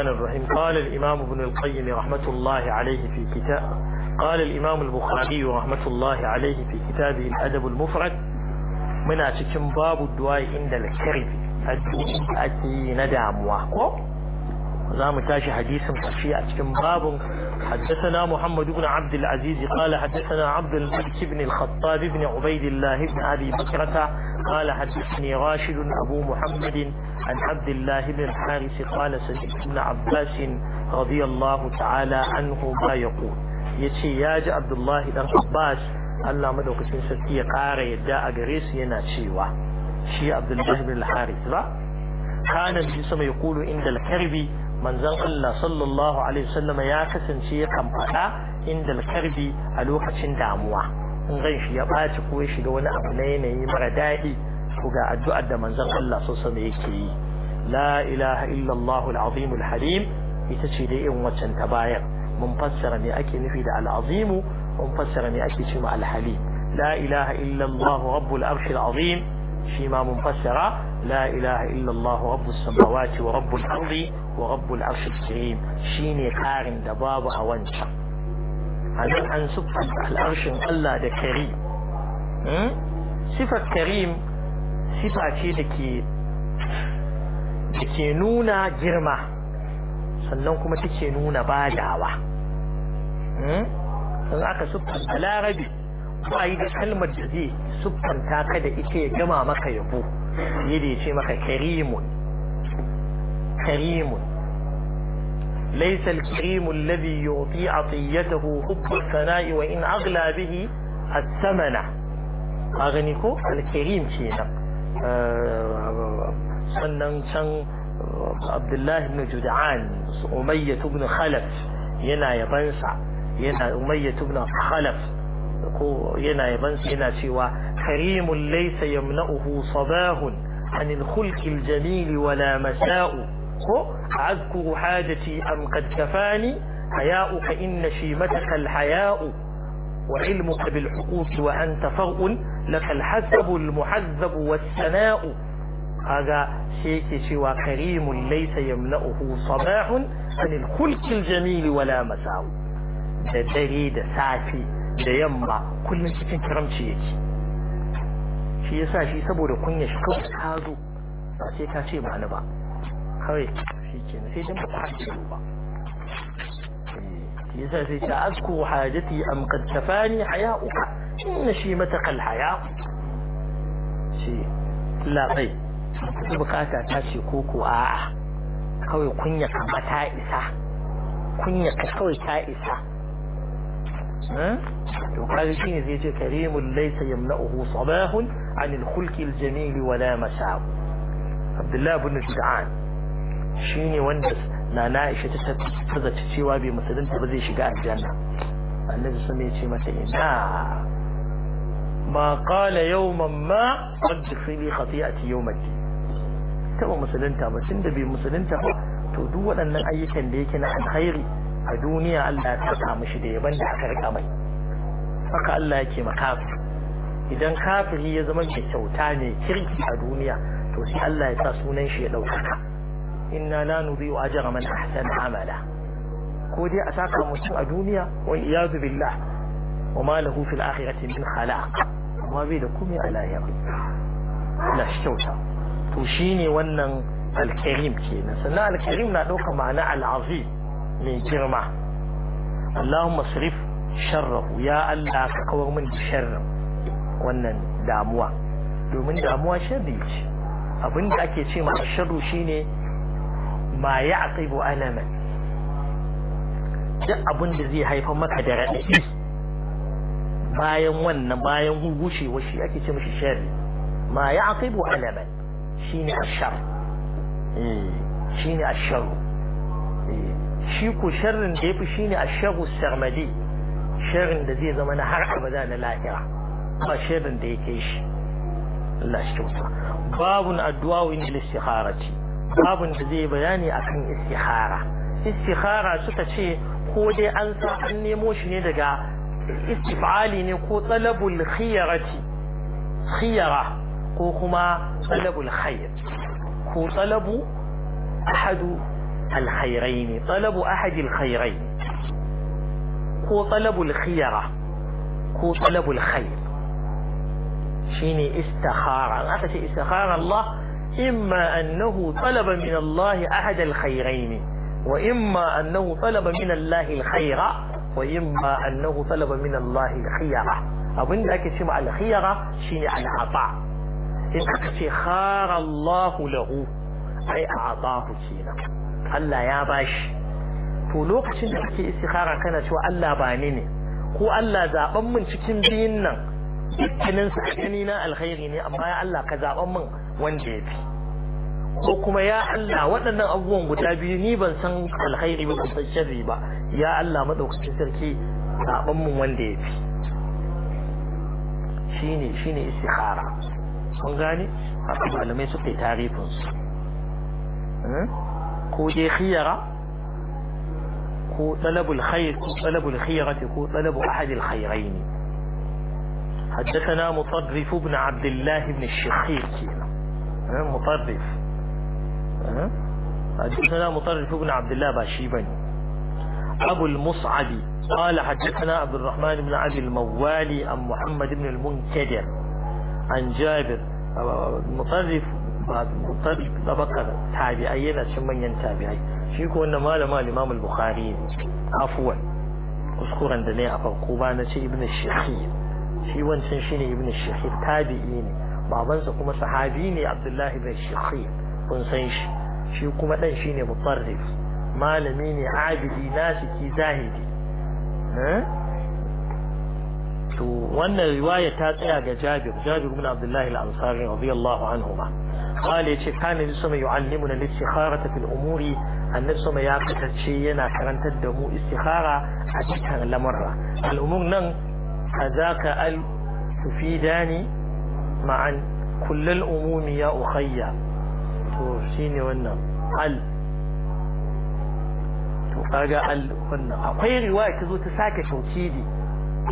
الرحمن الرحيم قال الإمام ابن القيم رحمة الله عليه في كتاب قال الإمام البخاري رحمة الله عليه في كتابه الأدب المفرد من أتكم باب الدواء عند الكرب أتي ندعم وحكم za mu tashi hadisin kashi a cikin babin haddasana muhammad ibn abdul aziz qala haddasana abdul malik ibn al khattab ibn ubaidillah ibn abi bakrata qala haddathani rashid abu muhammad an abdullah ibn harith qala sami'tu ibn abbas radiyallahu ta'ala anhu ma yaqul yace ya ji abdullah dan abbas Allah madaukakin sarki ya kara yadda a gare su yana cewa shi abdullah ibn harith ba kana bi sama yaqulu inda al-karbi manzon Allah sallallahu alaihi wasallam ya kasance ya kan inda karbi a lokacin damuwa in ran shi ya ɓaci ko ya shiga wani abu na yanayi mara daɗi ko ga addu'ar da manzon Allah sallallahu alaihi yake yi la ilaha illallah al-azim ita ce dai irin waccan ta bayar mun fassara me ake nufi da al'azimu mun fassara me ake cewa al la ilaha illallah rabbul arshil azim shi ma mun fassara لا إله إلا الله رب السماوات ورب الأرض ورب العرش الكريم شيني قارن دباب أوانشا أنا أن سبحان العرش الله ده كريم صفة كريم صفة شيء لكي لكي نونا جرمة sannan kuma take nuna badawa sun aka siffanta larabi ba yi da kalmar da zai siffanta ka da ita ya gama maka yabo يدي يشي مخا كريم كريم ليس الكريم الذي يعطي عطيته حب الثناء وإن أغلى به الثمن أغنيكو الكريم شينا آه، سنن شن عبد الله بن جدعان أمية بن خلف ينا يبنسع ينا أمية بن خلف ينا يبنسع ينا سوى كريم ليس يمنأه صباه عن الخلق الجميل ولا مساء أذكر حاجتي أم قد كفاني حياؤك إن شيمتك الحياء وعلمك بالحقوق وأنت فرء لك الحسب المحذب والثناء هذا شيك سوى كريم ليس يملأه صباح عن الخلق الجميل ولا مساء تريد dare ده safe da yamma kullum cikin karamci shi yasa shi saboda kunya shi kawai ta zo ba sai ka ce ba ni ba kawai shi ke sai dan ba ce ba eh, yasa sai ta asku hajati am qad tafani haya'uka inna shi matakal haya shi labai bukata ta ce ko ko kawai kunya ka ta isa kunya ka kawai ta isa يقال فيه ذي كريم ليس يملأه صباه عن الخلق الجميل ولا مساء عبد الله بن جدعان شيني وندس لا نائشة تتفذ تشيوا بمثل انت بذي شقاء الجنة النبي صلى الله عليه ما قال يوما ما قد خلي خطيئة يوم الدين تبا مثلا انت بس انت بمثل انت تدول ان ايكا ليكا نحن خيري a duniya Allah ya saka mishi da yaban da aka rika mai haka Allah yake ma idan kafiri ya zama mai kyauta ne kirki a duniya to sai Allah ya sa sunan shi ya ɗaukaka inna la nudhi'u ajra man ahsana amala ko dai a saka mutum a duniya wal iyadu billah wa ma lahu fil akhirati min khalaq amma bai da komai a lahira la kyauta to shine wannan alkarim kenan sannan alkarim na ɗauka ma'ana al'azim mai girma Allahumma sarif sharrahu ya Allah ka kawar min da sharrin wannan damuwa domin damuwa sharri ce abinda ake ce ma sharru shine ma ya'qibu alaman duk abin da zai haifar maka da raɗaɗi bayan wannan bayan gushewa washe ake ce mishi sharri ma ya'qibu alaman shine ashar eh shine a eh shi ko sharrin da ne a shagun sarmadi sharrin da zai zama na har abada na lahira ba sharrin da ke shi Allah shi kyauta babun addu'a wa inda istikharati babun da zai bayani akan istikhara istikhara suka ce ko dai an sa an nemo shi ne daga istifali ne ko talabul khiyarati khiyara ko kuma talabul khayr ko talabu ahadu الخيرين طلب أحد الخيرين هو طلب الخيرة هو طلب الخير شيني استخارة أخذ استخار الله إما أنه طلب من الله أحد الخيرين وإما أنه طلب من الله الخير وإما أنه طلب من الله الخيرة أبن ذاك اسمع الخيرة شيني على عطاء إن الله له أي أعطاه شيني Allah ya bashi to lokacin da kake istikhara kana cewa Allah ba ni ne ko Allah zaban min cikin biyun nan dukkanin sakani na alkhairi ne amma ya Allah ka zaban min wanda ya fi ko kuma ya Allah waɗannan abubuwan guda biyu ni ban san alkhairi ba ban san sharri ba ya Allah madaukakin sarki zaban min wanda ya fi shine shine istikhara kun gane haka malamai suka yi tarifin su hmm? كودي خيرة طلب الخير طلب الخيرة طلب أحد الخيرين حدثنا مطرف بن عبد الله بن الشخير مطرف حدثنا مطرف بن عبد الله باشيبني أبو المصعب قال حدثنا عبد الرحمن بن عبد الموالي عن محمد بن المنكدر عن جابر مطرف ba tsari tabi'ai yana cin manyan tabi'ai shi ko wannan malama al al-Bukhari ne afwan kuskuren da ne a farko ba na ce Ibn Shihib shi wancan shine Ibn Shihib tabi'i ne babansa kuma sahabi ne Abdullahi ibn Shihib kun san shi shi kuma dan shine mutarrif malami ne abidi nasiki zahidi eh? to wannan riwaya ta tsaya ga Jabir Jabir ibn Abdullah al-Ansari radiyallahu anhu ba قال يتي كان لسما يعلمنا الاستخارة في الأمور أن لسما يقتل شيئنا كرن تدمو استخارة أتكر لمرة الأمور نن أذاك أل تفيداني معا كل الأموم يا أخي توشيني ونا أل تقاقى أل ونا أقوي رواية تزو تساكي توتيدي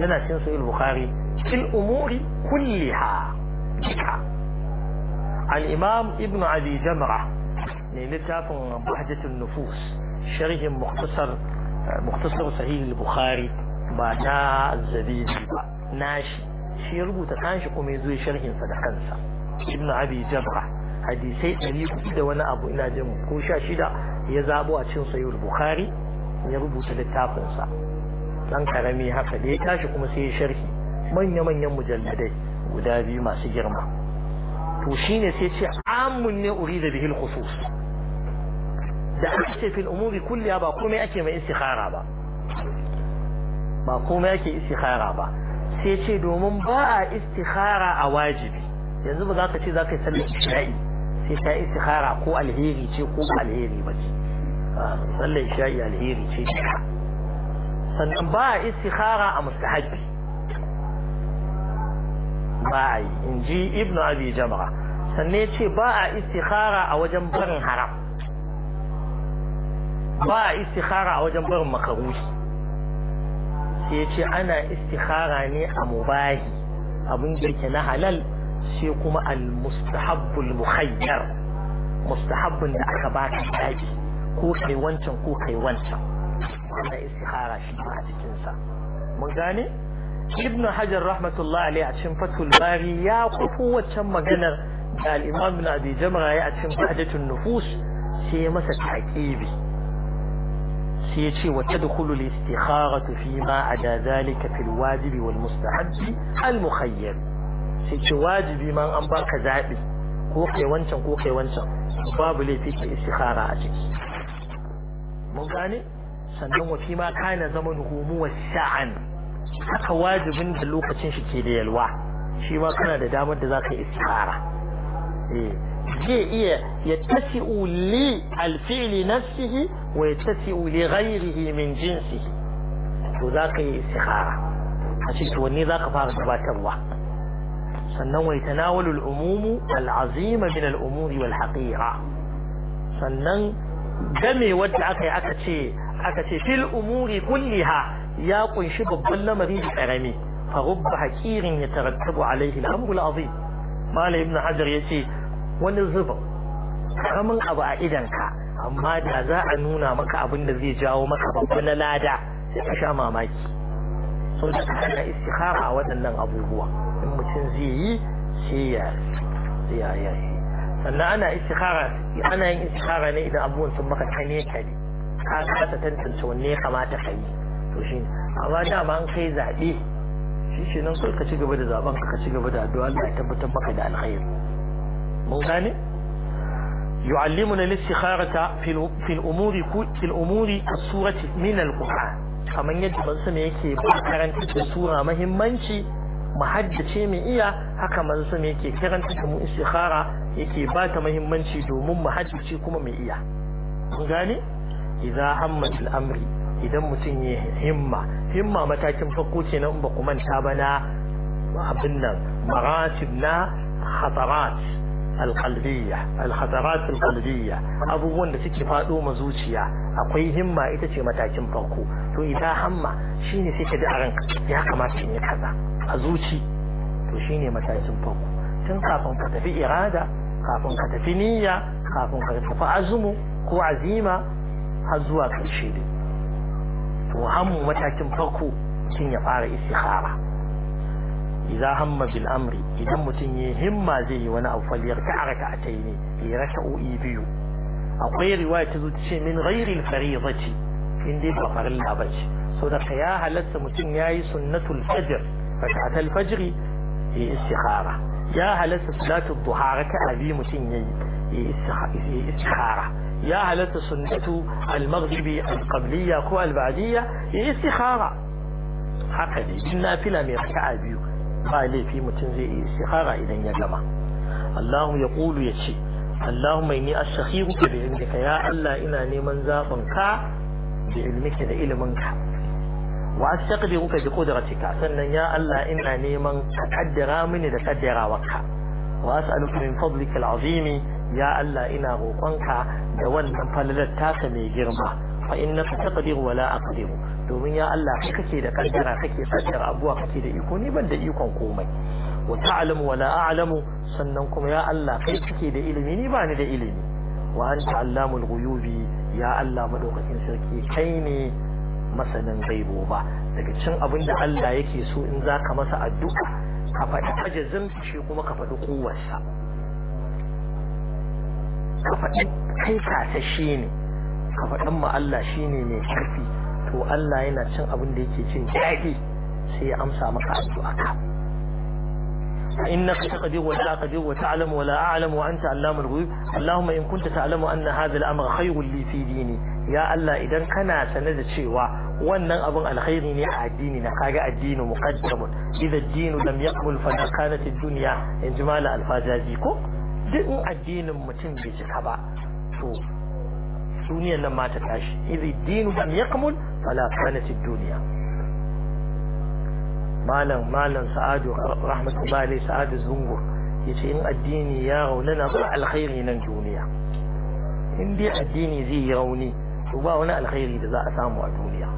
yana cin sahih bukhari fil umuri kulliha duka al-imam ibn abi ne littafin bahjatun nufus sharhin muktasar mukhtasar sahih al-bukhari ba na zabidi ba nashi shi ya rubuta kanshi kuma ya zo sharhin sa da kansa ibn abi jamra hadisai ɗari kuɗi da wani abu ina jin ko sha shida ya zabo a cin sahih al-bukhari ya rubuta littafin sa dan karami haka da ya tashi kuma sai ya sharhi manya-manyan mujalladai guda biyu masu girma to shine sai ce amun ne urida bihi al-khusus da aka ce fil umuri kulliya ba komai ake mai istikhara ba ba komai ake istikhara ba sai ce domin ba a istikhara a wajibi yanzu ba za ka ce za ka yi sallar isha'i sai ta istikhara ko alheri ce ko alheri ba ce ah, sallar isha'i alheri ce sannan ba a istikhara a mustahabi ba a yi in ji ibn abi jamra sannan ce ba a istikhara a wajen barin haram ba a istikhara a wajen barin makaruhi sai ya ce ana istikhara ne a mubahi abin da yake na halal sai kuma al-mustahabbul mukhayyar da aka baka daki ko kai wancan ko kai wancan wannan istikhara shi a cikin sa mun gane ibn hajar rahmatullah alaihi a cikin fatul bari ya kufu waccan maganar da al-imam ibn abi jamra ya a cikin bahdatun nufus sai ya masa taqibi sai ya ce wa tadkhulu al-istikharatu fi ma ada zalika fil wajibi wal mustahabbi al mukhayyar sai ce wajibi man an baka zabi ko kai wancan ko kai wancan babu laifi ke istikhara a ciki mun gane sannan wa fi ma kana zamanuhu muwassa'an haka wajibin da lokacin shi ke da yalwa shi ma kana da damar da zaka ka yi istihara zai iya ya tasi'u li alfi'li nafsihi wa ya tasi uli ghairihi min jinsihi to zaka yi istihara a cikin wanne zaka ka fara gabatarwa sannan wai tanawalul umumu al'azima min al'umuri wal haqiqa sannan game wadda aka yi aka ce aka ce fil umuri kulliha ya kunshi babban lamari da karami fa rubba haqirin yatarattabu alaihi al-amru al-azim malam ibn hajar yace wani zuba karamin abu a idanka amma da za a nuna maka abin da zai jawo maka babban lada sai ka sha mamaki so da kana istikhara a waɗannan abubuwa in mutum zai yi sai ya ya sannan ana istikhara ana yin istikhara ne idan abubuwan sun maka kane kane ka kasa tantance wanne ya kamata ka yi to shi amma dama an kai zaɓe shi shi nan kawai ka ci gaba da zaɓen ka ci gaba da addu'a Allah ya tabbatar maka da alkhairi mun gane يعلمنا الاستخارة في في الأمور في الأمور كالسورة من القرآن كما يجب أن سميك بكرن السورة مهمنشي محدثي من إيا هكا من سميك كرن تكمو استخارة يكي بات مهمنشي دومم محدثي كما من إيا مغاني إذا همت الأمر idan mutum ya himma himma matakin farko ce nan ba ku manta ba na abin nan maratib na khatarat alqalbiyya alkhatarat alqalbiyya abubuwan da suke fado ma zuciya akwai himma ita ce matakin farko to ita hamma shine sai ka ji a ranka ya kamata in yi kaza a zuci to shine matakin farko tun kafin ka tafi irada kafin ka tafi niyya kafin ka tafi azumu ko azima har zuwa karshe dai to hammu matakin farko mutum ya fara istikhara idza hamma bil amri idan mutum ya himma zai yi wani abu faliyar ta raka ta yi ne ya raka'o'i biyu akwai riwaya ta zuci ce min ghairi al-fariidati in dai ba farilla bace so da ya halatta mutum yayi sunnatul fajr raka'at al-fajr ya istikhara ya halatta salatul duha raka'a biyu mutum yayi ya istikhara يا على السنة المغربي القبلية قوى البعدية استخارة حقا دي إنا في الأمير كعبي قال في متنزي استخارة إلى يجمع الله يقول يشي اللهم إني أستخير بعلمك يا الله إنا نمن زابنك بعلمك منك وأستقدرك بقدرتك سنة يا الله إنا نمن تقدر مني لتقدر وك وأسألك من فضلك العظيم يا الله إنا غوطنك da wannan falalar tasa mai girma fa innaka taqdir wa la aqdir domin ya Allah kai kake da kaddara kake kaddara abuwa kake da iko ni ban da ikon komai wa ta'lamu wa la a'lamu sannan kuma ya Allah kai kake da ilimi ni ba ni da ilimi wa anta allamul ghuyubi ya Allah madaukakin sarki kai ne masanin gaibo ba daga cin abin da Allah yake so in zaka masa addu'a ka faɗi ajazin shi kuma ka faɗi kowarsa kafaɗin kai kasa shi ne kafaɗin ma Allah shi ne mai ƙarfi to Allah yana cin abin da yake cin daɗi sai ya amsa maka addu'a ka innaka taqdiru wa taqdiru wa ta'lamu wa la a'lamu wa anta allamul ghuyub allahumma in kunta ta'lamu anna hadha al-amra khayrun li dini ya allah idan kana sane da cewa wannan abin alkhairi ne a addini na kaga addini muqaddam idan dinu lam yaqbul fa kanat ad-dunya injmal al-fajaji ko duk addinin mutum bai cika ba to duniyar nan ma ta tashi idh dinu din lam yakmul fala kanat ad-dunya malam malam sa'adu rahmatullahi alayhi sa'adu zungu yace in addini ya rauna na ba alkhairi nan duniya in dai addini zai rauni to ba wani alkhairi da za a samu a duniya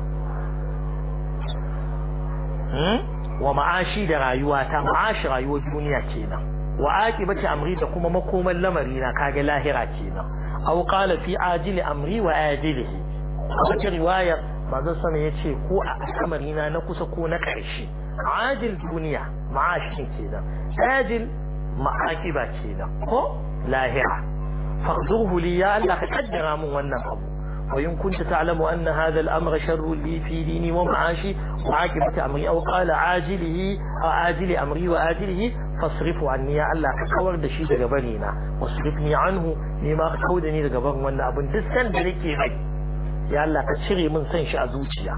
wa ma'ashi da rayuwa ta ma'ashi rayuwar duniya kenan wa aqibati amri da kuma makoman lamari na kage lahira kenan aw qala fi ajili amri wa ajilihi wata riwayar manzo sama yace ko a al'amari na na kusa ko na karshe ajil duniya ma'ashin kenan ajil ma'aqiba kenan ko lahira faqduhu li ya Allah ka kaddara mun wannan abu وإن كنت تعلم أن هذا الأمر شر لي في ديني ومعاشي وعاقبة أمري أو قال عاجله عاجل أمري وآجله fasrifu anni ya Allah ka kawar da shi daga bari na ni anhu ni ma ka kawar da ni daga barin wannan abin duk san da nake mai ya Allah ka cire min san shi a zuciya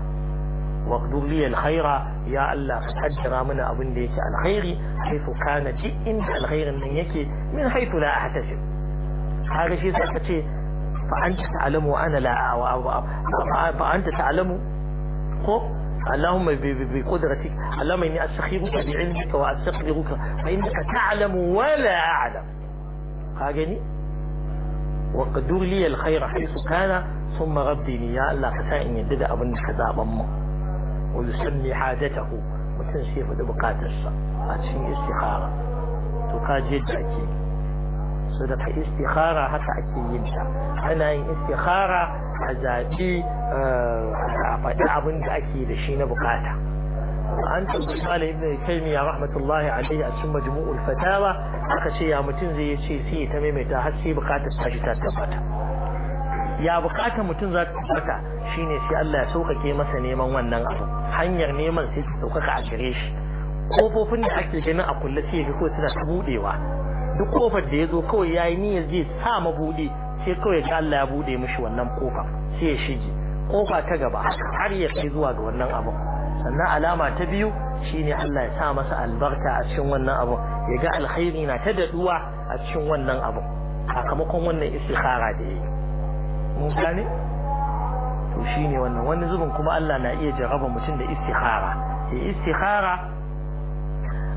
waqdur li alkhaira ya Allah ka kaddara mana abin da yake alkhairi haifu kana duk inda alkhairin nan yake min haifu la ahtasib kaga shi sai ka ce fa anta ta'lamu ana la wa fa anta ta'lamu ko اللهم بقدرتك اللهم إني أستخيرك بعلمك وأستقدرك فإنك تعلم ولا أعلم هاجني وقدر لي الخير حيث كان ثم ربني يا الله كسائن يدد أبن كذاب أمه ويسمي حاجته وتنشيف دبقات الشر a استخاره istikhara to so da istikhara haka ake yin ta ana yin istikhara a zaɓi eh, a faɗi abin da ake da shi na bukata an tambayi malam ibn taymiya rahmatullahi alaihi a cikin majmu'ul fatawa aka ce ya mutum zai ce sai ta maimaita har sai bukatar ta shi ta tabbata ya bukatar mutum za ta tabbata shine sai Allah ya sauƙaƙe masa neman wannan abu hanyar neman sai ta sauƙaƙa a gare shi kofofin da ake ganin a kulle sai ga ko suna ta buɗewa duk kofar da ya zo kawai ya yi niyyar zai sa mabuɗi sai kawai ga Allah ya buɗe mishi wannan kofa sai ya shige kofa ta gaba har ya kai zuwa ga wannan abu sannan alama ta biyu shine Allah ya sa masa albarka a cikin wannan abu ya ga alkhairi na ta daduwa a cikin wannan abu sakamakon wannan istikhara da yayi mun gane to shine wannan wani zubin kuma Allah na iya jarraba mutum da istikhara ya istikhara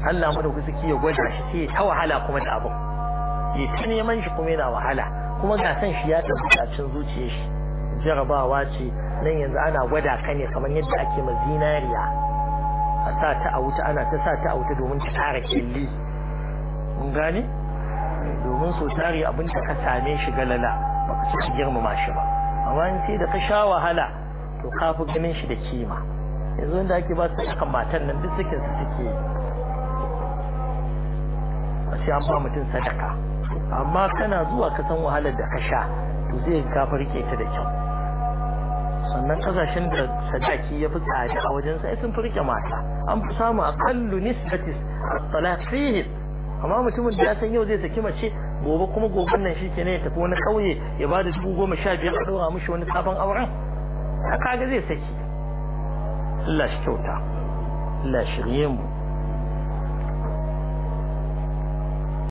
Allah madaukaki ya gwada shi sai ta wahala kuma da abu yi ta neman shi kuma yana wahala kuma ga san shi ya tabbata cin zuciyar shi jarabawa ce nan yanzu ana gwada ka ne kamar yadda ake ma zinariya a sa ta a wuta ana ta sa ta a wuta domin ta tara killi mun gane domin so tare abin da ka same shi galala baka ci ka girmama shi ba amma in sai da ka sha wahala to ka ganin shi da kima yanzu wanda ake ba su akan matan nan duk sukin su suke ce an ba mutum sadaka amma kana zuwa ka san wahalar da ka sha to zai ka farke ta da kyau sannan kasashen da sadaki ya fi tsada a wajen sai sun farke mata an fi samu aqallu nisbati at-talaq amma mutumin da ya san yau zai saki mace gobe kuma goben nan shike ne ya tafi wani kauye ya ba da dubu goma sha biyar a ɗora mishi wani sabon auren kaga zai saki Allah shi kyauta Allah shirye mu